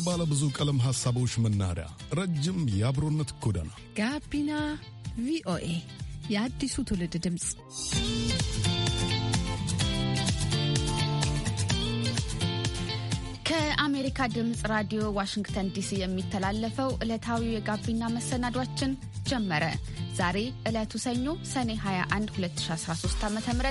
የባለ ብዙ ቀለም ሐሳቦች መናኸሪያ፣ ረጅም የአብሮነት ጎዳና ጋቢና ቪኦኤ የአዲሱ ትውልድ ድምፅ። ከአሜሪካ ድምፅ ራዲዮ ዋሽንግተን ዲሲ የሚተላለፈው ዕለታዊ የጋቢና መሰናዷችን ጀመረ። ዛሬ ዕለቱ ሰኞ ሰኔ 21 2013 ዓ ም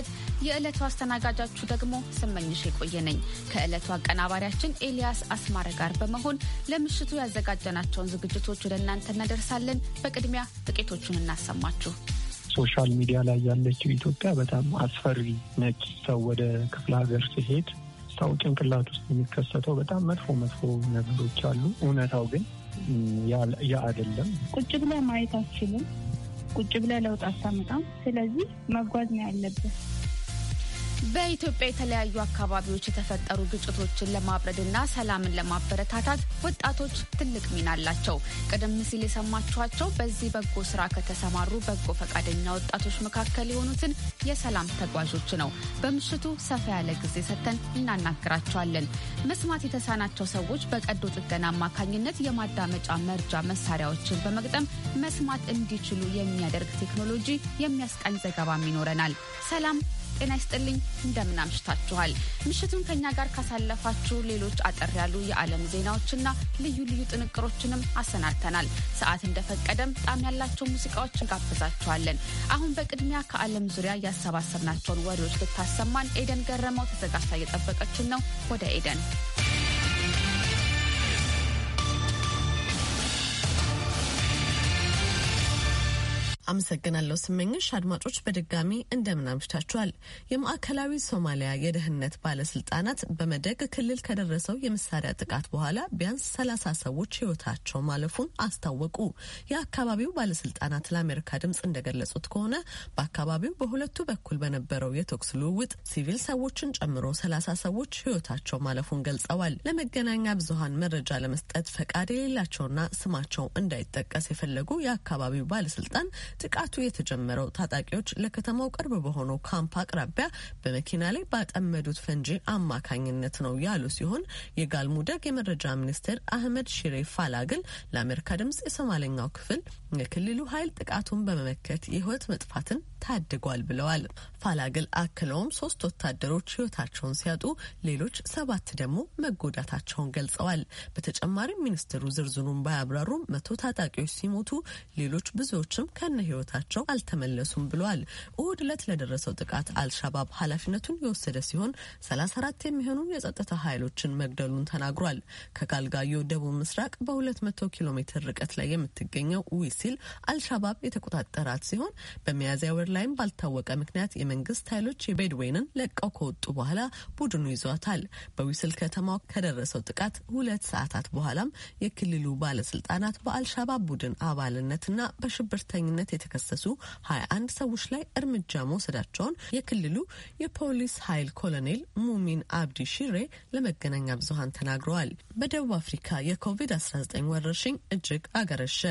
የዕለቱ አስተናጋጃችሁ ደግሞ ስመኝሽ የቆየ ነኝ። ከዕለቱ አቀናባሪያችን ኤልያስ አስማረ ጋር በመሆን ለምሽቱ ያዘጋጀናቸውን ዝግጅቶች ወደ እናንተ እናደርሳለን። በቅድሚያ ጥቂቶቹን እናሰማችሁ። ሶሻል ሚዲያ ላይ ያለችው ኢትዮጵያ በጣም አስፈሪ ነች። ሰው ወደ ክፍለ ሀገር ሲሄድ ሰው ጭንቅላት ውስጥ የሚከሰተው በጣም መጥፎ መጥፎ ነገሮች አሉ። እውነታው ግን ያ አይደለም። ቁጭ ብሎ ማየት አችልም ቁጭ ብለህ ለውጥ አታመጣም። ስለዚህ መጓዝ ነው ያለብን። በኢትዮጵያ የተለያዩ አካባቢዎች የተፈጠሩ ግጭቶችን ለማብረድና ሰላምን ለማበረታታት ወጣቶች ትልቅ ሚና አላቸው። ቀደም ሲል የሰማችኋቸው በዚህ በጎ ስራ ከተሰማሩ በጎ ፈቃደኛ ወጣቶች መካከል የሆኑትን የሰላም ተጓዦች ነው። በምሽቱ ሰፋ ያለ ጊዜ ሰጥተን እናናግራቸዋለን። መስማት የተሳናቸው ሰዎች በቀዶ ጥገና አማካኝነት የማዳመጫ መርጃ መሳሪያዎችን በመግጠም መስማት እንዲችሉ የሚያደርግ ቴክኖሎጂ የሚያስቃኝ ዘገባም ይኖረናል። ሰላም ጤና ይስጥልኝ። እንደምን አምሽታችኋል? ምሽቱን ከእኛ ጋር ካሳለፋችሁ ሌሎች አጠር ያሉ የዓለም ዜናዎችና ልዩ ልዩ ጥንቅሮችንም አሰናድተናል። ሰዓት እንደፈቀደም ጣም ያላቸው ሙዚቃዎች እንጋብዛችኋለን። አሁን በቅድሚያ ከዓለም ዙሪያ ያሰባሰብናቸውን ወሬዎች ልታሰማን ኤደን ገረመው ተዘጋጅታ እየጠበቀችን ነው። ወደ ኤደን አመሰግናለሁ ስመኝሽ። አድማጮች በድጋሚ እንደምን አምሽታችኋል። የማዕከላዊ ሶማሊያ የደህንነት ባለስልጣናት በመደግ ክልል ከደረሰው የመሳሪያ ጥቃት በኋላ ቢያንስ ሰላሳ ሰዎች ህይወታቸው ማለፉን አስታወቁ። የአካባቢው ባለስልጣናት ለአሜሪካ ድምጽ እንደገለጹት ከሆነ በአካባቢው በሁለቱ በኩል በነበረው የተኩስ ልውውጥ ሲቪል ሰዎችን ጨምሮ ሰላሳ ሰዎች ህይወታቸው ማለፉን ገልጸዋል። ለመገናኛ ብዙሀን መረጃ ለመስጠት ፈቃድ የሌላቸውና ስማቸው እንዳይጠቀስ የፈለጉ የአካባቢው ባለስልጣን ጥቃቱ የተጀመረው ታጣቂዎች ለከተማው ቅርብ በሆነው ካምፕ አቅራቢያ በመኪና ላይ ባጠመዱት ፈንጂ አማካኝነት ነው ያሉ ሲሆን የጋልሙደግ የመረጃ ሚኒስቴር አህመድ ሽሬ ፋላ ግን ለአሜሪካ ድምጽ የሶማለኛው ክፍል የክልሉ ኃይል ጥቃቱን በመመከት የህይወት መጥፋትን ታድጓል ብለዋል። ፋላግል አክለውም ሶስት ወታደሮች ህይወታቸውን ሲያጡ ሌሎች ሰባት ደግሞ መጎዳታቸውን ገልጸዋል። በተጨማሪም ሚኒስትሩ ዝርዝሩን ባያብራሩም መቶ ታጣቂዎች ሲሞቱ ሌሎች ብዙዎችም ከነ ህይወታቸው አልተመለሱም ብለዋል። እሁድ ዕለት ለደረሰው ጥቃት አልሻባብ ኃላፊነቱን የወሰደ ሲሆን 34 የሚሆኑ የጸጥታ ኃይሎችን መግደሉን ተናግሯል። ከጋልጋዮ ደቡብ ምስራቅ በ200 ኪሎ ሜትር ርቀት ላይ የምትገኘው ዊሲል አልሻባብ የተቆጣጠራት ሲሆን በሚያዝያ ወር ላይም ባልታወቀ ምክንያት የመንግስት ኃይሎች የቤድዌንን ለቀው ከወጡ በኋላ ቡድኑ ይዟታል። በዊስል ከተማ ከደረሰው ጥቃት ሁለት ሰዓታት በኋላም የክልሉ ባለስልጣናት በአልሻባብ ቡድን አባልነትና በሽብርተኝነት የተከሰሱ ሀያ አንድ ሰዎች ላይ እርምጃ መውሰዳቸውን የክልሉ የፖሊስ ኃይል ኮሎኔል ሙሚን አብዲ ሺሬ ለመገናኛ ብዙሀን ተናግረዋል። በደቡብ አፍሪካ የኮቪድ-19 ወረርሽኝ እጅግ አገረሸ።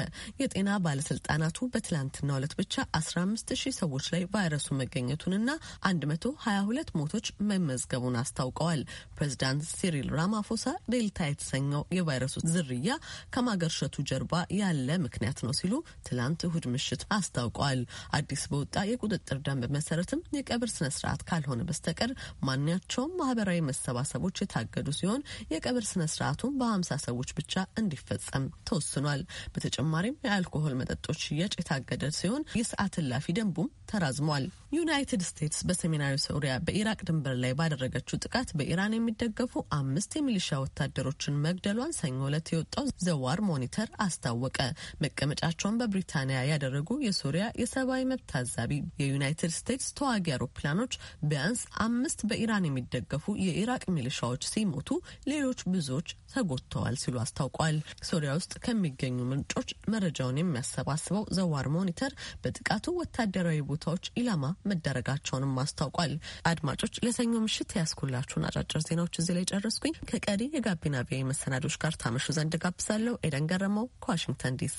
የጤና ባለስልጣናቱ በትላንትናው ዕለት ብቻ 15 ሺህ ሰዎች ላይ ቫይረሱ መገኘቱንና 122 ሞቶች መመዝገቡን አስታውቀዋል። ፕሬዚዳንት ሲሪል ራማፎሳ ዴልታ የተሰኘው የቫይረሱ ዝርያ ከማገርሸቱ ጀርባ ያለ ምክንያት ነው ሲሉ ትላንት እሁድ ምሽት አስታውቀዋል። አዲስ በወጣ የቁጥጥር ደንብ መሰረትም የቀብር ስነ ስርዓት ካልሆነ በስተቀር ማንያቸውም ማህበራዊ መሰባሰቦች የታገዱ ሲሆን የቀብር ስነ ስርዓቱን በ50 ሰዎች ብቻ እንዲፈጸም ተወስኗል። በተጨማሪም የአልኮሆል መጠጦች ሽያጭ የታገደ ሲሆን የሰዓት እላፊ ደንቡም ተራዝሟል። ዩናይትድ ስቴትስ በሰሜናዊ ሶሪያ በኢራቅ ድንበር ላይ ባደረገችው ጥቃት በኢራን የሚደገፉ አምስት የሚሊሻ ወታደሮችን መግደሏን ሰኞ ዕለት የወጣው ዘዋር ሞኒተር አስታወቀ። መቀመጫቸውን በብሪታንያ ያደረጉ የሶሪያ የሰብአዊ መብት ታዛቢ የዩናይትድ ስቴትስ ተዋጊ አውሮፕላኖች ቢያንስ አምስት በኢራን የሚደገፉ የኢራቅ ሚሊሻዎች ሲሞቱ ሌሎች ብዙዎች ተጎድተዋል ሲሉ አስታውቋል። ሶሪያ ውስጥ ከሚገኙ ምንጮች መረጃውን የሚያሰባስበው ዘዋር ሞኒተር በጥቃቱ ወታደራዊ ቦታዎች ኢላማ መደረጋቸውንም አስታውቋል። አድማጮች ለሰኞ ምሽት ያስኩላችሁን አጫጭር ዜናዎች እዚህ ላይ ጨረስኩኝ። ከቀሪ የጋቢና ቪኦኤ መሰናዶች ጋር ታመሹ ዘንድ ጋብዛለሁ። ኤደን ገረመው ከዋሽንግተን ዲሲ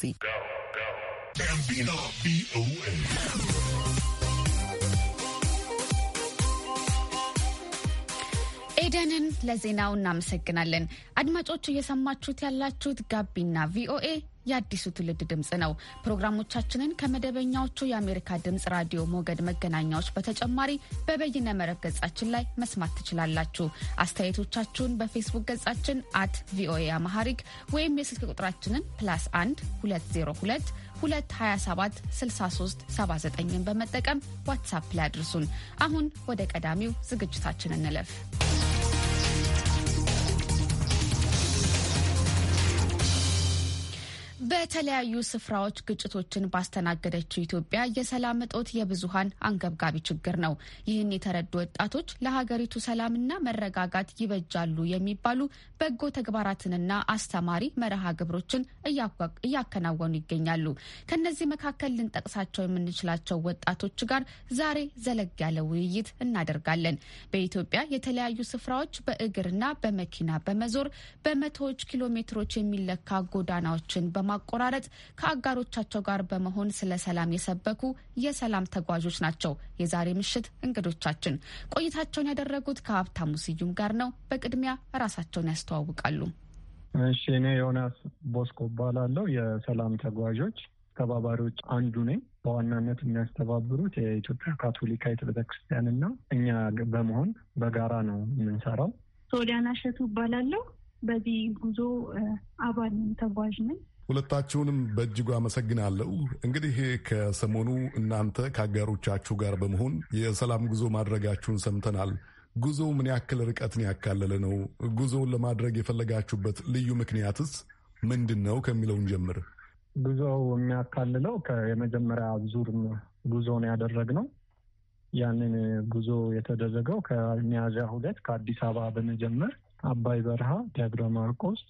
ኤደንን ለዜናው እናመሰግናለን። አድማጮቹ እየሰማችሁት ያላችሁት ጋቢና ቪኦኤ የአዲሱ ትውልድ ድምፅ ነው። ፕሮግራሞቻችንን ከመደበኛዎቹ የአሜሪካ ድምፅ ራዲዮ ሞገድ መገናኛዎች በተጨማሪ በበይነ መረብ ገጻችን ላይ መስማት ትችላላችሁ። አስተያየቶቻችሁን በፌስቡክ ገጻችን አት ቪኦኤ አማሐሪክ ወይም የስልክ ቁጥራችንን ፕላስ 1 202 227 በመጠቀም ዋትሳፕ ላይ አድርሱን። አሁን ወደ ቀዳሚው ዝግጅታችን እንለፍ። በተለያዩ ስፍራዎች ግጭቶችን ባስተናገደችው ኢትዮጵያ የሰላም እጦት የብዙሀን አንገብጋቢ ችግር ነው። ይህን የተረዱ ወጣቶች ለሀገሪቱ ሰላምና መረጋጋት ይበጃሉ የሚባሉ በጎ ተግባራትንና አስተማሪ መርሃ ግብሮችን እያከናወኑ ይገኛሉ። ከነዚህ መካከል ልንጠቅሳቸው የምንችላቸው ወጣቶች ጋር ዛሬ ዘለግ ያለ ውይይት እናደርጋለን። በኢትዮጵያ የተለያዩ ስፍራዎች በእግርና በመኪና በመዞር በመቶዎች ኪሎ ሜትሮች የሚለካ ጎዳናዎችን በማ ማቆራረጥ ከአጋሮቻቸው ጋር በመሆን ስለ ሰላም የሰበኩ የሰላም ተጓዦች ናቸው የዛሬ ምሽት እንግዶቻችን። ቆይታቸውን ያደረጉት ከሀብታሙ ስዩም ጋር ነው። በቅድሚያ ራሳቸውን ያስተዋውቃሉ። እሺ፣ እኔ ዮናስ ቦስኮ እባላለሁ። የሰላም ተጓዦች አስተባባሪዎች አንዱ ነኝ። በዋናነት የሚያስተባብሩት የኢትዮጵያ ካቶሊካዊት ቤተክርስቲያንና እኛ በመሆን በጋራ ነው የምንሰራው። ሶሊያና ሸቱ እባላለሁ። በዚህ ጉዞ አባል ተጓዥ ነኝ። ሁለታችሁንም በእጅጉ አመሰግናለሁ። እንግዲህ ከሰሞኑ እናንተ ከአጋሮቻችሁ ጋር በመሆን የሰላም ጉዞ ማድረጋችሁን ሰምተናል። ጉዞ ምን ያክል ርቀትን ያካለለ ነው? ጉዞውን ለማድረግ የፈለጋችሁበት ልዩ ምክንያትስ ምንድን ነው ከሚለውን ጀምር። ጉዞው የሚያካልለው የመጀመሪያ ዙር ጉዞን ነው? ያንን ጉዞ የተደረገው ከሚያዝያ ሁለት ከአዲስ አበባ በመጀመር አባይ በረሃ፣ ደብረ ማርቆስ፣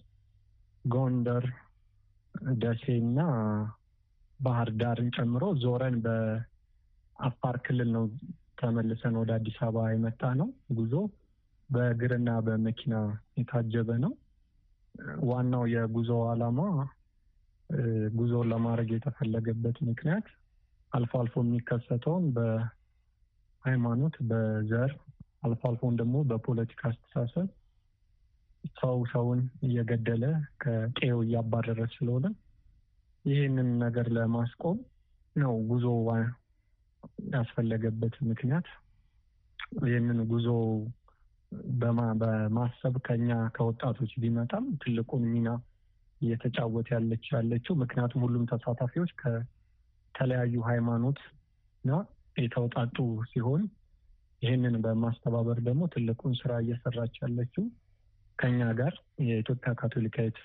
ጎንደር ደሴና ባህር ዳርን ጨምሮ ዞረን በአፋር ክልል ነው ተመልሰን ወደ አዲስ አበባ የመጣ ነው። ጉዞ በእግርና በመኪና የታጀበ ነው። ዋናው የጉዞ ዓላማ ጉዞን ለማድረግ የተፈለገበት ምክንያት አልፎ አልፎ የሚከሰተውን በሃይማኖት፣ በዘር አልፎ አልፎን ደግሞ በፖለቲካ አስተሳሰብ ሰው ሰውን እየገደለ ከቄው እያባረረ ስለሆነ ይህንን ነገር ለማስቆም ነው ጉዞ ያስፈለገበት ምክንያት። ይህንን ጉዞ በማሰብ ከኛ ከወጣቶች ቢመጣም ትልቁን ሚና እየተጫወተ ያለች ያለችው ምክንያቱም ሁሉም ተሳታፊዎች ከተለያዩ ሃይማኖት እና የተውጣጡ ሲሆን ይህንን በማስተባበር ደግሞ ትልቁን ስራ እየሰራች ያለችው ከኛ ጋር የኢትዮጵያ ካቶሊካዊት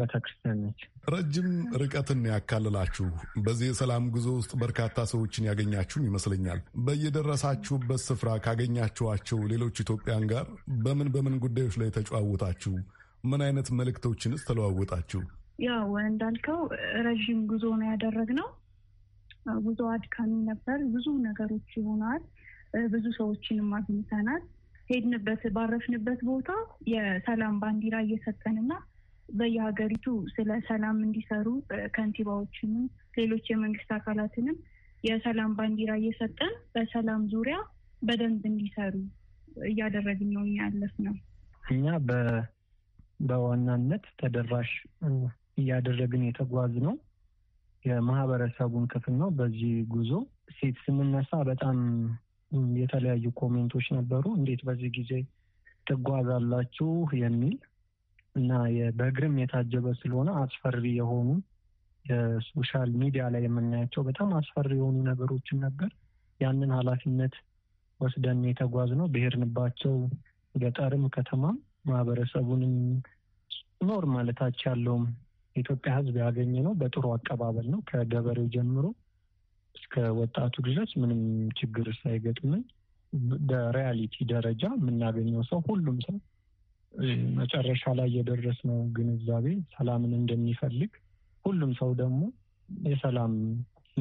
ቤተክርስቲያን ነች። ረጅም ርቀትን ያካልላችሁ በዚህ የሰላም ጉዞ ውስጥ በርካታ ሰዎችን ያገኛችሁም ይመስለኛል። በየደረሳችሁበት ስፍራ ካገኛችኋቸው ሌሎች ኢትዮጵያን ጋር በምን በምን ጉዳዮች ላይ ተጨዋወታችሁ? ምን አይነት መልእክቶችንስ ተለዋወጣችሁ? ያው እንዳልከው ረዥም ጉዞ ነው ያደረግነው። ጉዞ አድካሚ ነበር። ብዙ ነገሮች ይሆናል። ብዙ ሰዎችንም አግኝተናል። ሄድንበት ባረፍንበት ቦታ የሰላም ባንዲራ እየሰጠንና በየሀገሪቱ ስለ ሰላም እንዲሰሩ ከንቲባዎችንም ሌሎች የመንግስት አካላትንም የሰላም ባንዲራ እየሰጠን በሰላም ዙሪያ በደንብ እንዲሰሩ እያደረግን ነው ያለፍ ነው። እኛ በዋናነት ተደራሽ እያደረግን የተጓዝ ነው የማህበረሰቡን ክፍል ነው። በዚህ ጉዞ ሴት ስንነሳ በጣም የተለያዩ ኮሜንቶች ነበሩ። እንዴት በዚህ ጊዜ ትጓዛላችሁ የሚል እና በእግርም የታጀበ ስለሆነ አስፈሪ የሆኑ የሶሻል ሚዲያ ላይ የምናያቸው በጣም አስፈሪ የሆኑ ነገሮችን ነበር። ያንን ኃላፊነት ወስደን የተጓዝ ነው። ብሄርንባቸው ገጠርም ከተማም ማህበረሰቡንም ኖር ማለታች ያለውም የኢትዮጵያ ሕዝብ ያገኘ ነው በጥሩ አቀባበል ነው ከገበሬው ጀምሮ እስከ ወጣቱ ድረስ ምንም ችግር ሳይገጥምን በሪያሊቲ ደረጃ የምናገኘው ሰው ሁሉም ሰው መጨረሻ ላይ የደረስነው ግንዛቤ ሰላምን እንደሚፈልግ ሁሉም ሰው ደግሞ የሰላም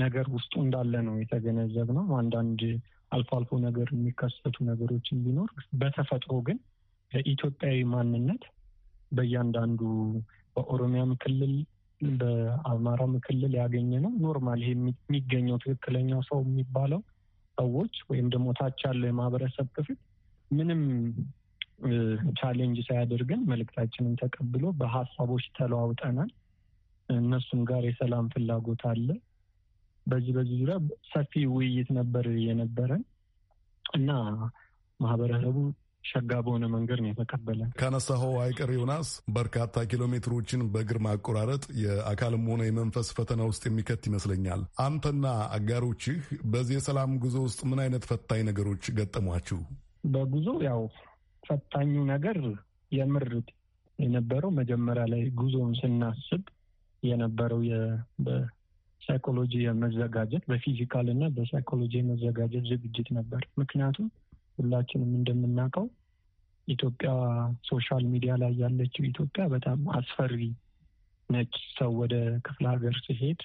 ነገር ውስጡ እንዳለ ነው የተገነዘብነው። አንዳንድ አልፎ አልፎ ነገር የሚከሰቱ ነገሮችን ቢኖር በተፈጥሮ ግን ለኢትዮጵያዊ ማንነት በእያንዳንዱ በኦሮሚያም ክልል በአማራም ክልል ያገኘ ነው። ኖርማል ይሄ የሚገኘው ትክክለኛው ሰው የሚባለው ሰዎች ወይም ደግሞ ታች ያለው የማህበረሰብ ክፍል ምንም ቻሌንጅ ሳያደርገን መልእክታችንን ተቀብሎ በሀሳቦች ተለዋውጠናል። እነሱም ጋር የሰላም ፍላጎት አለ። በዚህ በዚህ ዙሪያ ሰፊ ውይይት ነበር የነበረን እና ማህበረሰቡ ሸጋ በሆነ መንገድ ነው የተቀበለ። ካነሳኸው አይቀር ዮናስ በርካታ ኪሎ ሜትሮችን በእግር ማቆራረጥ የአካልም ሆነ የመንፈስ ፈተና ውስጥ የሚከት ይመስለኛል። አንተና አጋሮችህ በዚህ የሰላም ጉዞ ውስጥ ምን አይነት ፈታኝ ነገሮች ገጠሟችሁ? በጉዞ ያው ፈታኙ ነገር የምር የነበረው መጀመሪያ ላይ ጉዞውን ስናስብ የነበረው በሳይኮሎጂ የመዘጋጀት በፊዚካል እና በሳይኮሎጂ የመዘጋጀት ዝግጅት ነበር። ምክንያቱም ሁላችንም እንደምናውቀው ኢትዮጵያ ሶሻል ሚዲያ ላይ ያለችው ኢትዮጵያ በጣም አስፈሪ ነች። ሰው ወደ ክፍለ ሀገር ሲሄድ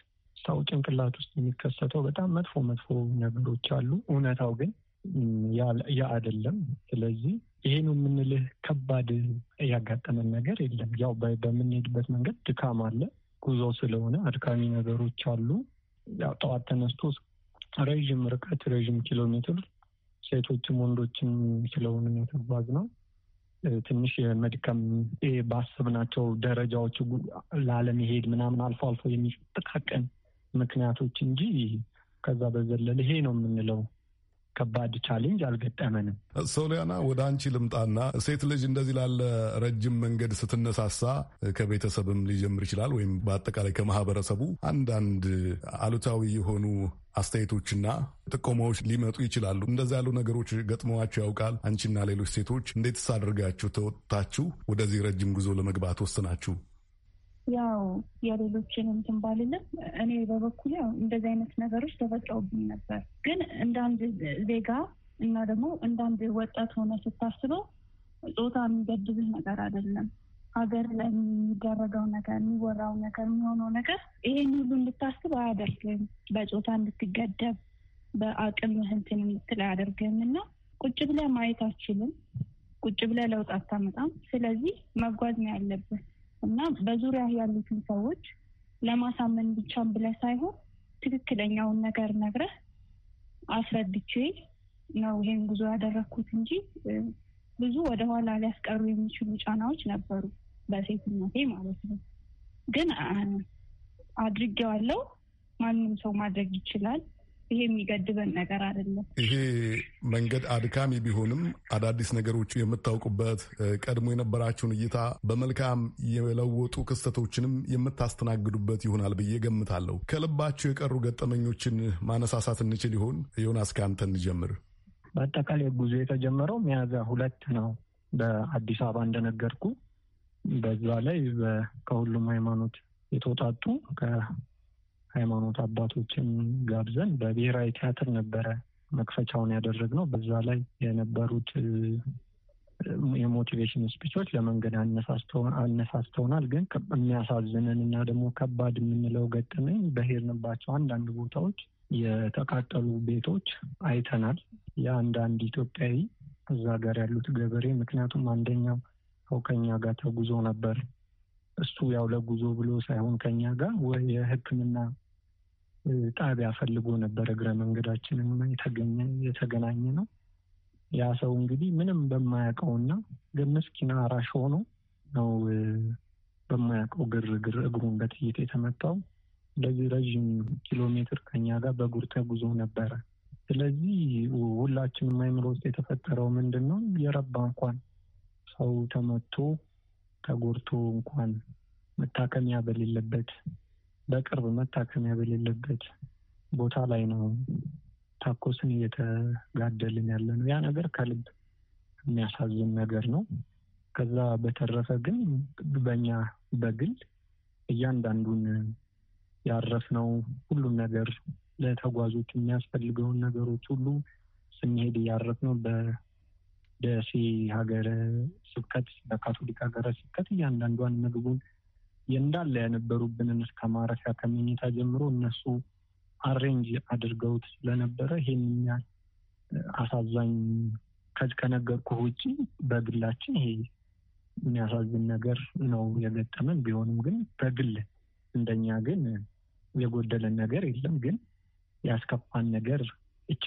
ሰው ጭንቅላት ውስጥ የሚከሰተው በጣም መጥፎ መጥፎ ነገሮች አሉ። እውነታው ግን ያ አይደለም። ስለዚህ ይሄን የምንልህ ከባድ ያጋጠመን ነገር የለም። ያው በምንሄድበት መንገድ ድካም አለ። ጉዞ ስለሆነ አድካሚ ነገሮች አሉ። ያው ጠዋት ተነስቶ ረዥም ርቀት ረዥም ኪሎ ሜትር ሴቶችም ወንዶችም ስለሆንን የተጓዝ ነው። ትንሽ የመድከም ባስብናቸው ደረጃዎች ላለመሄድ ምናምን አልፎ አልፎ የሚጠቃቀን ምክንያቶች እንጂ ከዛ በዘለለ ይሄ ነው የምንለው ከባድ ቻሌንጅ አልገጠመንም። ሶሊያና ወደ አንቺ ልምጣና ሴት ልጅ እንደዚህ ላለ ረጅም መንገድ ስትነሳሳ ከቤተሰብም ሊጀምር ይችላል ወይም በአጠቃላይ ከማህበረሰቡ አንዳንድ አሉታዊ የሆኑ አስተያየቶችና ጥቆማዎች ሊመጡ ይችላሉ። እንደዚህ ያሉ ነገሮች ገጥመዋቸው ያውቃል? አንቺና ሌሎች ሴቶች እንዴትስ ሳደርጋችሁ ተወጥታችሁ ወደዚህ ረጅም ጉዞ ለመግባት ወስናችሁ? ያው የሌሎችን እንትን ባልልም እኔ በበኩል ያው እንደዚህ አይነት ነገሮች ተፈጥረውብኝ ነበር። ግን እንደ አንድ ዜጋ እና ደግሞ እንደ አንድ ወጣት ሆነ ስታስበው ጾታ የሚገድብህ ነገር አይደለም። ሀገር ላይ የሚደረገው ነገር፣ የሚወራው ነገር፣ የሚሆነው ነገር ይሄን ሁሉ እንድታስብ አያደርግም። በጾታ እንድትገደብ በአቅም እንትን የምትል አያደርግም እና ቁጭ ብለህ ማየት አችልም። ቁጭ ብለህ ለውጥ አታመጣም። ስለዚህ መጓዝ ነው ያለብን። እና በዙሪያ ያሉትን ሰዎች ለማሳመን ብቻም ብለህ ሳይሆን ትክክለኛውን ነገር ነግረህ አስረድቼ ነው ይሄን ጉዞ ያደረግኩት እንጂ ብዙ ወደኋላ ሊያስቀሩ የሚችሉ ጫናዎች ነበሩ፣ በሴትነቴ ማለት ነው። ግን አድርጌዋለሁ። ማንም ሰው ማድረግ ይችላል ይሄ የሚገድበን ነገር አይደለም። ይሄ መንገድ አድካሚ ቢሆንም አዳዲስ ነገሮቹ የምታውቁበት ቀድሞ የነበራችሁን እይታ በመልካም የለወጡ ክስተቶችንም የምታስተናግዱበት ይሆናል ብዬ ገምታለሁ። ከልባቸው የቀሩ ገጠመኞችን ማነሳሳት እንችል ይሆን? ዮናስ ከአንተ እንጀምር። በአጠቃላይ ጉዞ የተጀመረው ሚያዝያ ሁለት ነው በአዲስ አበባ እንደነገርኩ። በዛ ላይ ከሁሉም ሃይማኖት የተውጣጡ ሃይማኖት አባቶችን ጋብዘን በብሔራዊ ቲያትር ነበረ መክፈቻውን ያደረግነው። በዛ ላይ የነበሩት የሞቲቬሽን ስፒቾች ለመንገድ አነሳስተውናል። ግን የሚያሳዝነን እና ደግሞ ከባድ የምንለው ገጠመኝ በሄድንባቸው አንዳንድ ቦታዎች የተቃጠሉ ቤቶች አይተናል። የአንዳንድ ኢትዮጵያዊ እዛ ጋር ያሉት ገበሬ ምክንያቱም አንደኛው ሰው ከኛ ጋር ተጉዞ ነበር። እሱ ያው ለጉዞ ብሎ ሳይሆን ከኛ ጋር የሕክምና ጣቢያ ፈልጎ ነበር። እግረ መንገዳችንም የተገናኘ ነው። ያ ሰው እንግዲህ ምንም በማያውቀውና ምስኪና አራሽ ሆኖ ነው በማያውቀው ግርግር እግሩን በጥይት የተመታው። ለዚህ ረዥም ኪሎ ሜትር ከኛ ጋር በእግር ተጉዞ ነበረ። ስለዚህ ሁላችንም አይምሮ ውስጥ የተፈጠረው ምንድን ነው የረባ እንኳን ሰው ተመቶ ተጎድቶ እንኳን መታከሚያ በሌለበት በቅርብ መታከሚያ በሌለበት ቦታ ላይ ነው ታኮስን እየተጋደልን ያለ ነው። ያ ነገር ከልብ የሚያሳዝን ነገር ነው። ከዛ በተረፈ ግን በእኛ በግል እያንዳንዱን ያረፍነው ሁሉም ነገር ለተጓዦች የሚያስፈልገውን ነገሮች ሁሉ ስንሄድ እያረፍነው በደሴ ሀገረ ስብከት በካቶሊክ ሀገረ ስብከት እያንዳንዷን ምግቡን እንዳለ ያነበሩብንን እስከ ማረፊያ ከመኝታ ጀምሮ እነሱ አሬንጅ አድርገውት ስለነበረ ይሄን ያህል አሳዛኝ ከነገርኩ ውጭ በግላችን ይሄ የሚያሳዝን ነገር ነው የገጠመን። ቢሆንም ግን በግል እንደኛ ግን የጎደለን ነገር የለም። ግን ያስከፋን ነገር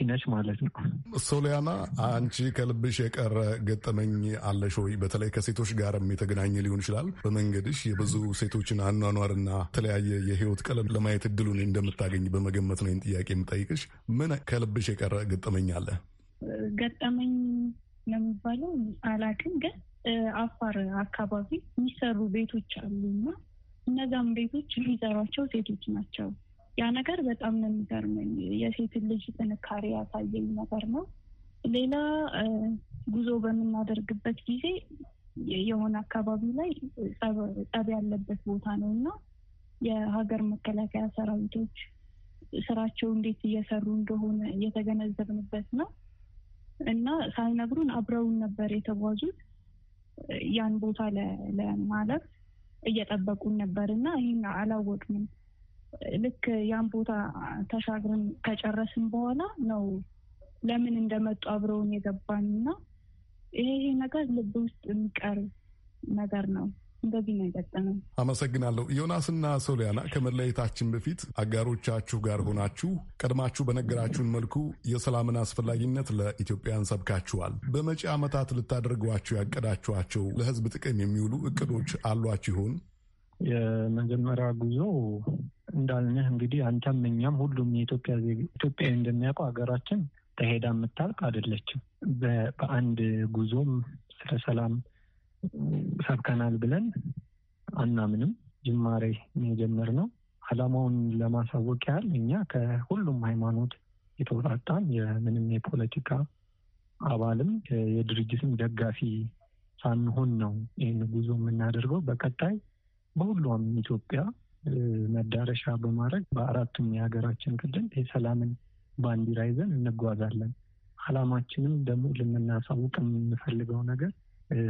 ነች ማለት ነው። ሶሊያና፣ አንቺ ከልብሽ የቀረ ገጠመኝ አለሽ ወይ? በተለይ ከሴቶች ጋርም የተገናኘ ሊሆን ይችላል። በመንገድሽ የብዙ ሴቶችን አኗኗርና የተለያየ የህይወት ቀለም ለማየት እድሉን እንደምታገኝ በመገመት ነው ጥያቄ የምጠይቅሽ። ምን ከልብሽ የቀረ ገጠመኝ አለ? ገጠመኝ ለሚባለው አላውቅም፣ ግን አፋር አካባቢ የሚሰሩ ቤቶች አሉና እነዛም ቤቶች የሚሰሯቸው ሴቶች ናቸው። ያ ነገር በጣም ነው የሚገርመኝ። የሴትን ልጅ ጥንካሬ ያሳየኝ ነገር ነው። ሌላ ጉዞ በምናደርግበት ጊዜ የሆነ አካባቢ ላይ ጸብ ያለበት ቦታ ነው እና የሀገር መከላከያ ሰራዊቶች ስራቸው እንዴት እየሰሩ እንደሆነ እየተገነዘብንበት ነው እና ሳይነግሩን አብረውን ነበር የተጓዙት። ያን ቦታ ለማለፍ እየጠበቁን ነበር እና ይህን አላወቅንም። ልክ ያን ቦታ ተሻግረን ከጨረስን በኋላ ነው ለምን እንደመጡ አብረውን የገባን እና ይሄ ነገር ልብ ውስጥ የሚቀር ነገር ነው። እንደዚህ ነው የገጠመን። አመሰግናለሁ። ዮናስና ሶሊያና ከመለየታችን በፊት አጋሮቻችሁ ጋር ሆናችሁ ቀድማችሁ በነገራችሁን መልኩ የሰላምን አስፈላጊነት ለኢትዮጵያን ሰብካችኋል። በመጪ ዓመታት ልታደርጓቸው ያቀዳችኋቸው ለሕዝብ ጥቅም የሚውሉ እቅዶች አሏችሁ ይሆን? የመጀመሪያ ጉዞ እንዳልንህ እንግዲህ አንተም እኛም ሁሉም የኢትዮጵያ ኢትዮጵያ እንደሚያውቀው ሀገራችን ተሄዳ የምታልቅ አይደለችም። በአንድ ጉዞም ስለ ሰላም ሰብከናል ብለን አናምንም። ጅማሬ የጀመር ነው። አላማውን ለማሳወቅ ያህል እኛ ከሁሉም ሃይማኖት የተወጣጣን የምንም የፖለቲካ አባልም የድርጅትም ደጋፊ ሳንሆን ነው ይህን ጉዞ የምናደርገው። በቀጣይ በሁሉም ኢትዮጵያ መዳረሻ በማድረግ በአራቱም የሀገራችን ክልል የሰላምን ባንዲራ ይዘን እንጓዛለን። አላማችንም ደግሞ ልምናሳውቅ የምንፈልገው ነገር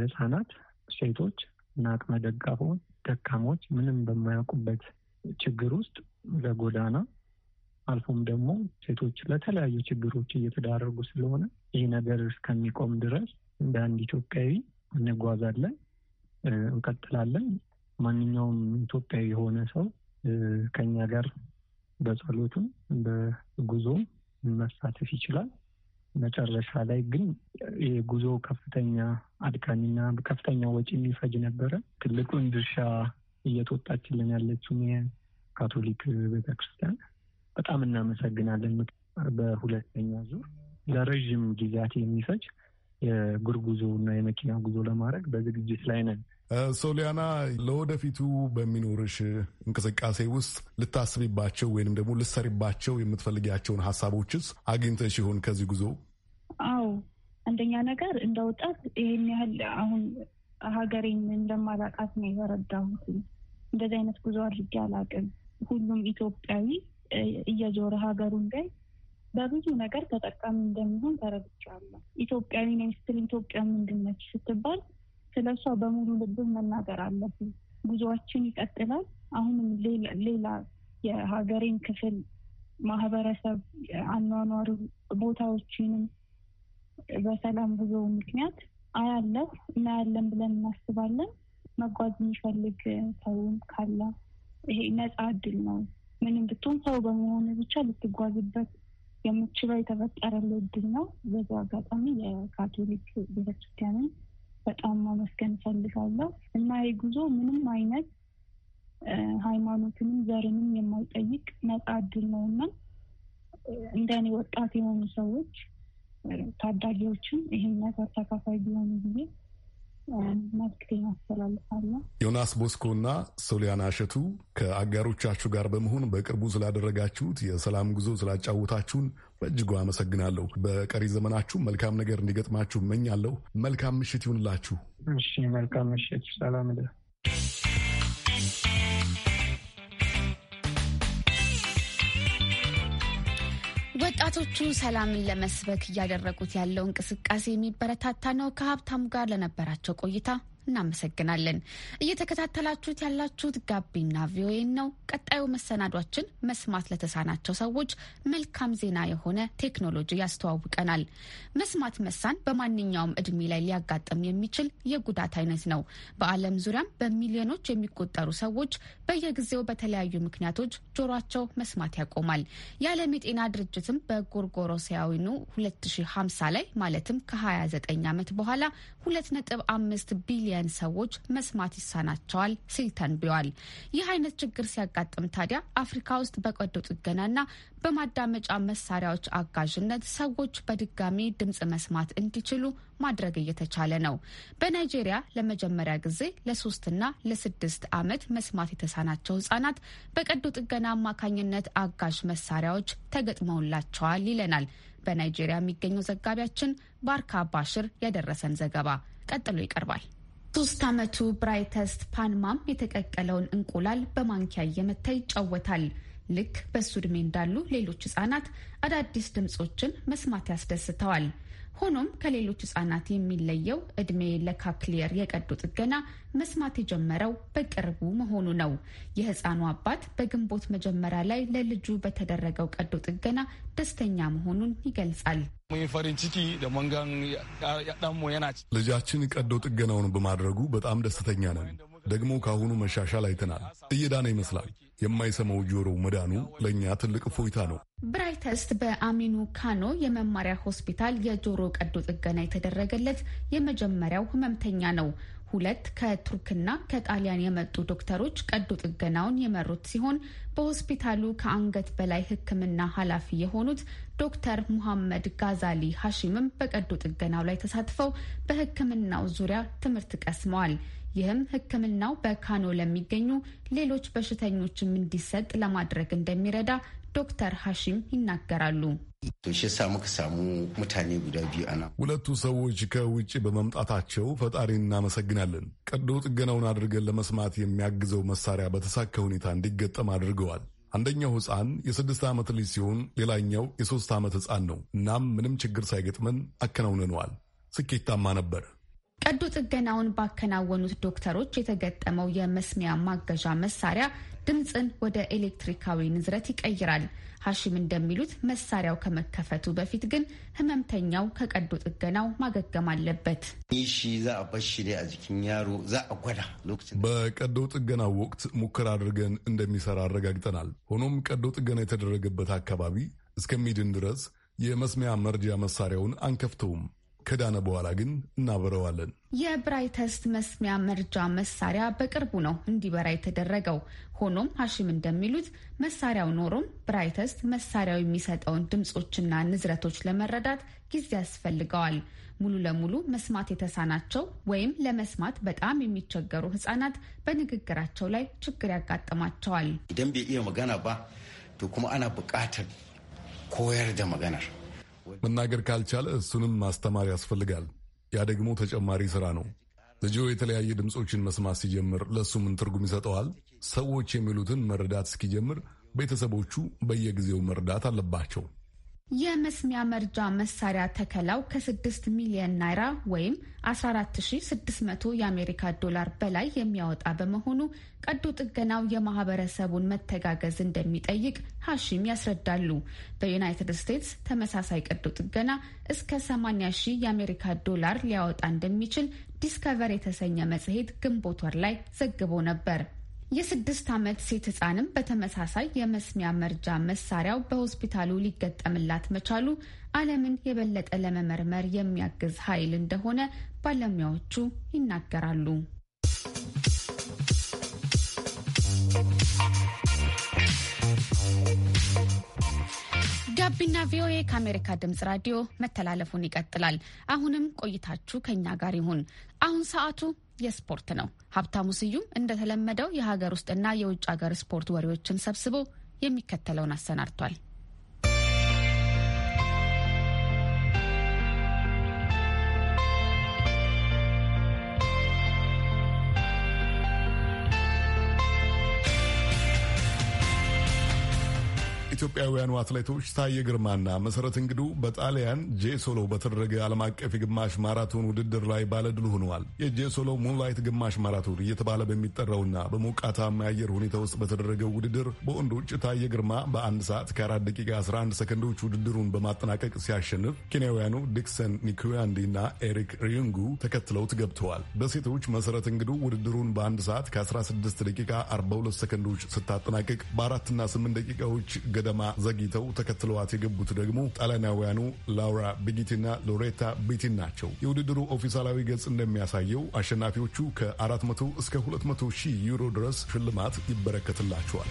ህጻናት፣ ሴቶች እና አቅመ ደጋፎች ደካሞች ምንም በማያውቁበት ችግር ውስጥ ለጎዳና አልፎም ደግሞ ሴቶች ለተለያዩ ችግሮች እየተዳረጉ ስለሆነ ይህ ነገር እስከሚቆም ድረስ እንደ አንድ ኢትዮጵያዊ እንጓዛለን፣ እንቀጥላለን። ማንኛውም ኢትዮጵያዊ የሆነ ሰው ከኛ ጋር በጸሎቱም በጉዞም መሳተፍ ይችላል። መጨረሻ ላይ ግን የጉዞ ከፍተኛ አድካሚና ከፍተኛ ወጪ የሚፈጅ ነበረ። ትልቁን ድርሻ እየተወጣችልን ያለችው የካቶሊክ ቤተክርስቲያን በጣም እናመሰግናለን። በሁለተኛ ዙር ለረዥም ጊዜያት የሚፈጅ የእግር ጉዞ እና የመኪና ጉዞ ለማድረግ በዝግጅት ላይ ነን። ሶሊያና፣ ለወደፊቱ በሚኖርሽ እንቅስቃሴ ውስጥ ልታስቢባቸው ወይንም ደግሞ ልሰሪባቸው የምትፈልጊያቸውን ሀሳቦችስ አግኝተሽ ይሆን ከዚህ ጉዞ? አዎ፣ አንደኛ ነገር እንደ ወጣት ይህን ያህል አሁን ሀገሬን እንደማላቃት ነው የተረዳሁት። እንደዚህ አይነት ጉዞ አድርጌ አላቅም። ሁሉም ኢትዮጵያዊ እየዞረ ሀገሩን ላይ በብዙ ነገር ተጠቃሚ እንደሚሆን ተረድቻለሁ። ኢትዮጵያዊ ነኝ ስትል ኢትዮጵያ ምንድን ነች ስትባል ስለ እሷ በሙሉ ልብን መናገር አለብን ጉዞዋችን ይቀጥላል። አሁንም ሌላ የሀገሬን ክፍል ማህበረሰብ፣ አኗኗሪ ቦታዎችንም በሰላም ጉዞ ምክንያት አያለሁ ያለን ብለን እናስባለን። መጓዝ የሚፈልግ ሰውም ካለ ይሄ ነፃ እድል ነው። ምንም ብትሆን ሰው በመሆኑ ብቻ ልትጓዝበት የምችለው የተፈጠረልኝ እድል ነው። በዚ አጋጣሚ የካቶሊክ ቤተክርስቲያንን በጣም ማመስገን እፈልጋለሁ እና ይህ ጉዞ ምንም አይነት ሃይማኖትንም ዘርንም የማይጠይቅ ነጻ እድል ነው እና እንደኔ ወጣት የሆኑ ሰዎች ታዳጊዎችም ይህን ነገር ተካፋይ ቢሆኑ ጊዜ መልክቴን አስተላልፋለሁ። ዮናስ ቦስኮና ሶሊያና እሸቱ ከአጋሮቻችሁ ጋር በመሆን በቅርቡ ስላደረጋችሁት የሰላም ጉዞ ስላጫወታችሁን በእጅጉ አመሰግናለሁ። በቀሪ ዘመናችሁ መልካም ነገር እንዲገጥማችሁ እመኛለሁ። መልካም ምሽት ይሁንላችሁ። እሺ፣ መልካም ምሽት። ሰላም ወጣቶቹ ሰላምን ለመስበክ እያደረጉት ያለው እንቅስቃሴ የሚበረታታ ነው። ከሀብታሙ ጋር ለነበራቸው ቆይታ እናመሰግናለን። እየተከታተላችሁት ያላችሁት ጋቢና ቪኦኤ ነው። ቀጣዩ መሰናዷችን መስማት ለተሳናቸው ሰዎች መልካም ዜና የሆነ ቴክኖሎጂ ያስተዋውቀናል። መስማት መሳን በማንኛውም እድሜ ላይ ሊያጋጥም የሚችል የጉዳት አይነት ነው። በዓለም ዙሪያም በሚሊዮኖች የሚቆጠሩ ሰዎች በየጊዜው በተለያዩ ምክንያቶች ጆሯቸው መስማት ያቆማል። የዓለም የጤና ድርጅትም በጎርጎሮሳውያኑ 2050 ላይ ማለትም ከ29 ዓመት በኋላ 2.5 ቢሊዮን ኢትዮጵያውያን ሰዎች መስማት ይሳናቸዋል ሲል ተንብዮአል። ይህ አይነት ችግር ሲያጋጥም ታዲያ አፍሪካ ውስጥ በቀዶ ጥገናና በማዳመጫ መሳሪያዎች አጋዥነት ሰዎች በድጋሚ ድምፅ መስማት እንዲችሉ ማድረግ እየተቻለ ነው። በናይጄሪያ ለመጀመሪያ ጊዜ ለሶስትና ለስድስት ዓመት መስማት የተሳናቸው ህጻናት በቀዶ ጥገና አማካኝነት አጋዥ መሳሪያዎች ተገጥመውላቸዋል ይለናል በናይጄሪያ የሚገኘው ዘጋቢያችን ባርካ ባሽር ያደረሰን ዘገባ ቀጥሎ ይቀርባል። ሶስት ዓመቱ ብራይተስት ፓንማም የተቀቀለውን እንቁላል በማንኪያ እየመታ ይጫወታል። ልክ በሱ ዕድሜ እንዳሉ ሌሎች ህጻናት አዳዲስ ድምፆችን መስማት ያስደስተዋል። ሆኖም ከሌሎች ህጻናት የሚለየው እድሜ ለካክሊየር የቀዶ ጥገና መስማት የጀመረው በቅርቡ መሆኑ ነው። የህፃኑ አባት በግንቦት መጀመሪያ ላይ ለልጁ በተደረገው ቀዶ ጥገና ደስተኛ መሆኑን ይገልጻል። ልጃችን ቀዶ ጥገናውን በማድረጉ በጣም ደስተኛ ነን። ደግሞ ከአሁኑ መሻሻል አይተናል። እየዳነ ይመስላል። የማይሰማው ጆሮ መዳኑ ለእኛ ትልቅ እፎይታ ነው። ብራይተስት በአሚኑ ካኖ የመማሪያ ሆስፒታል የጆሮ ቀዶ ጥገና የተደረገለት የመጀመሪያው ህመምተኛ ነው። ሁለት ከቱርክና ከጣሊያን የመጡ ዶክተሮች ቀዶ ጥገናውን የመሩት ሲሆን በሆስፒታሉ ከአንገት በላይ ሕክምና ኃላፊ የሆኑት ዶክተር ሙሐመድ ጋዛሊ ሀሺምም በቀዶ ጥገናው ላይ ተሳትፈው በሕክምናው ዙሪያ ትምህርት ቀስመዋል። ይህም ሕክምናው በካኖ ለሚገኙ ሌሎች በሽተኞችም እንዲሰጥ ለማድረግ እንደሚረዳ ዶክተር ሀሽም ይናገራሉ። ሁለቱ ሰዎች ከውጭ በመምጣታቸው ፈጣሪ እናመሰግናለን። ቀዶ ጥገናውን አድርገን ለመስማት የሚያግዘው መሳሪያ በተሳካ ሁኔታ እንዲገጠም አድርገዋል። አንደኛው ሕፃን የስድስት ዓመት ልጅ ሲሆን ሌላኛው የሦስት ዓመት ሕፃን ነው። እናም ምንም ችግር ሳይገጥመን አከናውነነዋል። ስኬታማ ነበር። ቀዶ ጥገናውን ባከናወኑት ዶክተሮች የተገጠመው የመስሚያ ማገዣ መሳሪያ ድምፅን ወደ ኤሌክትሪካዊ ንዝረት ይቀይራል። ሀሺም እንደሚሉት መሳሪያው ከመከፈቱ በፊት ግን ህመምተኛው ከቀዶ ጥገናው ማገገም አለበት። በቀዶ ጥገናው ወቅት ሙከራ አድርገን እንደሚሰራ አረጋግጠናል። ሆኖም ቀዶ ጥገና የተደረገበት አካባቢ እስከሚድን ድረስ የመስሚያ መርጃ መሳሪያውን አንከፍተውም። ከዳነ በኋላ ግን እናበረዋለን። የብራይተስት መስሚያ መርጃ መሳሪያ በቅርቡ ነው እንዲበራ የተደረገው። ሆኖም ሀሽም እንደሚሉት መሳሪያው ኖሮም ብራይተስት መሳሪያው የሚሰጠውን ድምፆችና ንዝረቶች ለመረዳት ጊዜ ያስፈልገዋል። ሙሉ ለሙሉ መስማት የተሳናቸው ወይም ለመስማት በጣም የሚቸገሩ ህጻናት በንግግራቸው ላይ ችግር ያጋጥማቸዋል። ደንብ መጋና ባ አና ብቃትን ኮየር ደ መናገር ካልቻለ እሱንም ማስተማር ያስፈልጋል። ያ ደግሞ ተጨማሪ ስራ ነው። ልጆ የተለያየ ድምፆችን መስማት ሲጀምር ለእሱ ምን ትርጉም ይሰጠዋል? ሰዎች የሚሉትን መረዳት እስኪጀምር ቤተሰቦቹ በየጊዜው መርዳት አለባቸው። የመስሚያ መርጃ መሳሪያ ተከላው ከ6 ሚሊዮን ናይራ ወይም 14600 የአሜሪካ ዶላር በላይ የሚያወጣ በመሆኑ ቀዶ ጥገናው የማህበረሰቡን መተጋገዝ እንደሚጠይቅ ሐሺም ያስረዳሉ። በዩናይትድ ስቴትስ ተመሳሳይ ቀዶ ጥገና እስከ 80 ሺህ የአሜሪካ ዶላር ሊያወጣ እንደሚችል ዲስከቨር የተሰኘ መጽሔት ግንቦት ወር ላይ ዘግቦ ነበር። የስድስት ዓመት ሴት ህፃንም በተመሳሳይ የመስሚያ መርጃ መሳሪያው በሆስፒታሉ ሊገጠምላት መቻሉ ዓለምን የበለጠ ለመመርመር የሚያግዝ ኃይል እንደሆነ ባለሙያዎቹ ይናገራሉ። ጋቢና ቪኦኤ ከአሜሪካ ድምጽ ራዲዮ መተላለፉን ይቀጥላል። አሁንም ቆይታችሁ ከኛ ጋር ይሁን። አሁን ሰዓቱ የስፖርት ነው። ሀብታሙ ስዩም እንደተለመደው የሀገር ውስጥና የውጭ ሀገር ስፖርት ወሬዎችን ሰብስቦ የሚከተለውን አሰናድቷል። ኢትዮጵያውያኑ አትሌቶች ታየ ግርማና መሰረት እንግዱ በጣሊያን ጄሶሎ በተደረገ ዓለም አቀፍ የግማሽ ማራቶን ውድድር ላይ ባለድል ሆነዋል። የጄሶሎ ሙንላይት ግማሽ ማራቶን እየተባለ በሚጠራውና በሞቃታማ የአየር ሁኔታ ውስጥ በተደረገው ውድድር በወንዶች ታየ ግርማ በአንድ ሰዓት ከ4 ደቂቃ 11 ሰከንዶች ውድድሩን በማጠናቀቅ ሲያሸንፍ፣ ኬንያውያኑ ዲክሰን ኒኩያንዲ እና ኤሪክ ሪዩንጉ ተከትለውት ገብተዋል። በሴቶች መሰረት እንግዱ ውድድሩን በአንድ ሰዓት ከ16 ደቂቃ 42 ሰከንዶች ስታጠናቀቅ በአራትና 8 ደቂቃዎች ገዳ ገደማ ዘግይተው ተከትለዋት የገቡት ደግሞ ጣሊያናውያኑ ላውራ ቢጊቲና ሎሬታ ቢቲን ናቸው። የውድድሩ ኦፊሳላዊ ገጽ እንደሚያሳየው አሸናፊዎቹ ከ400 እስከ 200 ሺህ ዩሮ ድረስ ሽልማት ይበረከትላቸዋል።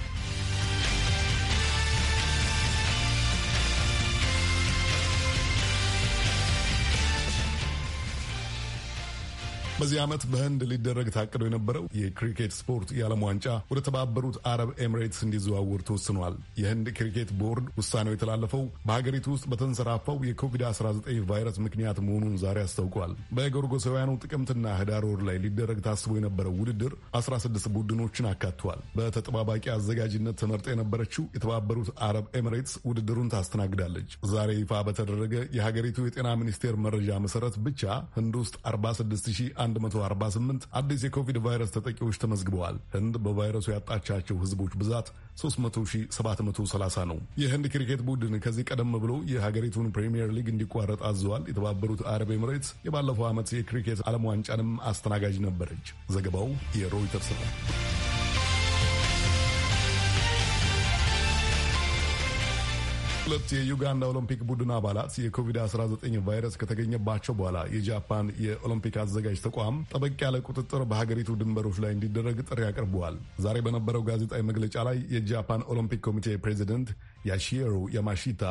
በዚህ ዓመት በህንድ ሊደረግ ታቅዶ የነበረው የክሪኬት ስፖርት የዓለም ዋንጫ ወደ ተባበሩት አረብ ኤምሬትስ እንዲዘዋወር ተወስኗል። የህንድ ክሪኬት ቦርድ ውሳኔው የተላለፈው በሀገሪቱ ውስጥ በተንሰራፋው የኮቪድ-19 ቫይረስ ምክንያት መሆኑን ዛሬ አስታውቋል። በጎርጎሳውያኑ ጥቅምትና ህዳር ወር ላይ ሊደረግ ታስቦ የነበረው ውድድር 16 ቡድኖችን አካቷል። በተጠባባቂ አዘጋጅነት ተመርጣ የነበረችው የተባበሩት አረብ ኤምሬትስ ውድድሩን ታስተናግዳለች። ዛሬ ይፋ በተደረገ የሀገሪቱ የጤና ሚኒስቴር መረጃ መሰረት ብቻ ህንድ ውስጥ 46 148 አዲስ የኮቪድ ቫይረስ ተጠቂዎች ተመዝግበዋል። ህንድ በቫይረሱ ያጣቻቸው ህዝቦች ብዛት 3730 ነው። የህንድ ክሪኬት ቡድን ከዚህ ቀደም ብሎ የሀገሪቱን ፕሪምየር ሊግ እንዲቋረጥ አዘዋል። የተባበሩት አረብ ኤምሬትስ የባለፈው ዓመት የክሪኬት ዓለም ዋንጫንም አስተናጋጅ ነበረች። ዘገባው የሮይተርስ ነው። ሁለት የዩጋንዳ ኦሎምፒክ ቡድን አባላት የኮቪድ-19 ቫይረስ ከተገኘባቸው በኋላ የጃፓን የኦሎምፒክ አዘጋጅ ተቋም ጠበቅ ያለ ቁጥጥር በሀገሪቱ ድንበሮች ላይ እንዲደረግ ጥሪ አቅርበዋል። ዛሬ በነበረው ጋዜጣዊ መግለጫ ላይ የጃፓን ኦሎምፒክ ኮሚቴ ፕሬዚደንት ያሺየሩ ያማሺታ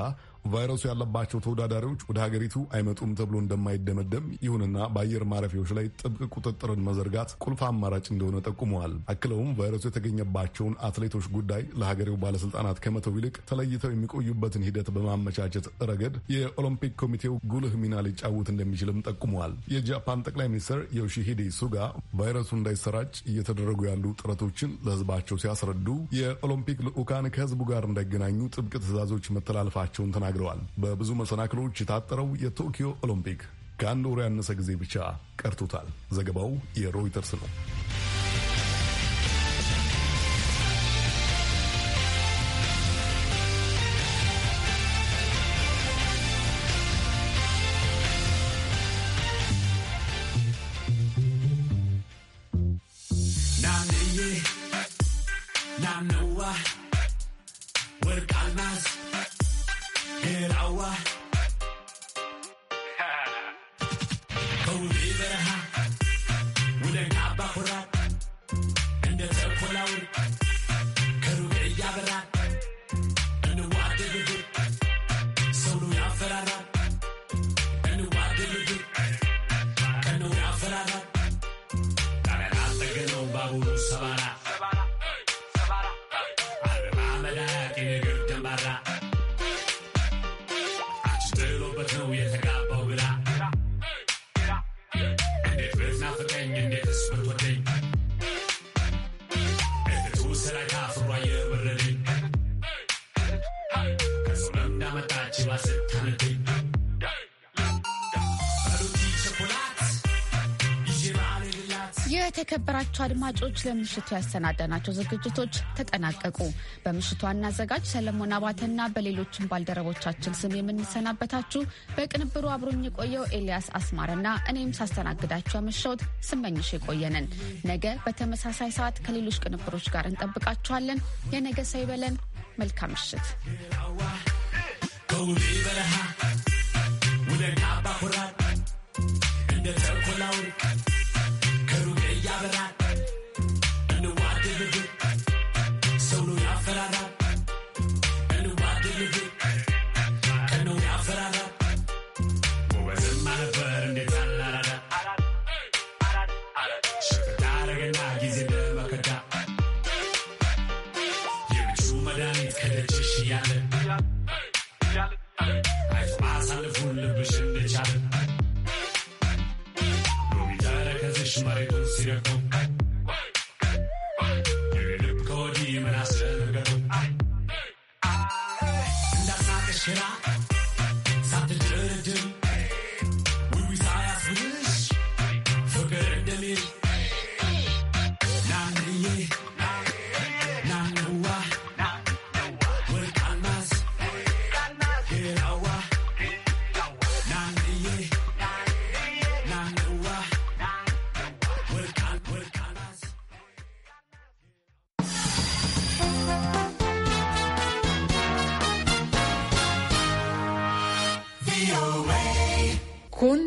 ቫይረሱ ያለባቸው ተወዳዳሪዎች ወደ ሀገሪቱ አይመጡም ተብሎ እንደማይደመደም፣ ይሁንና በአየር ማረፊያዎች ላይ ጥብቅ ቁጥጥርን መዘርጋት ቁልፍ አማራጭ እንደሆነ ጠቁመዋል። አክለውም ቫይረሱ የተገኘባቸውን አትሌቶች ጉዳይ ለሀገሬው ባለስልጣናት ከመተው ይልቅ ተለይተው የሚቆዩበትን ሂደት በማመቻቸት ረገድ የኦሎምፒክ ኮሚቴው ጉልህ ሚና ሊጫወት እንደሚችልም ጠቁመዋል። የጃፓን ጠቅላይ ሚኒስትር ዮሺሂዴ ሱጋ ቫይረሱ እንዳይሰራጭ እየተደረጉ ያሉ ጥረቶችን ለህዝባቸው ሲያስረዱ የኦሎምፒክ ልዑካን ከህዝቡ ጋር እንዳይገናኙ ጥብቅ ትዕዛዞች መተላለፋቸውን ተናግረዋል። ተናግረዋል። በብዙ መሰናክሎች የታጠረው የቶኪዮ ኦሎምፒክ ከአንድ ወር ያነሰ ጊዜ ብቻ ቀርቶታል። ዘገባው የሮይተርስ ነው። Now know የተከበራቸው አድማጮች ለምሽቱ ያሰናዳናቸው ዝግጅቶች ተጠናቀቁ። በምሽቱ አናዘጋጅ ሰለሞን አባተና በሌሎችም ባልደረቦቻችን ስም የምንሰናበታችሁ በቅንብሩ አብሮኝ የቆየው ኤልያስ አስማረና እኔም ሳስተናግዳችሁ ያመሸሁት ስመኝሽ የቆየንን ነገ በተመሳሳይ ሰዓት ከሌሎች ቅንብሮች ጋር እንጠብቃችኋለን። የነገ ሰው ይበለን። መልካም ምሽት።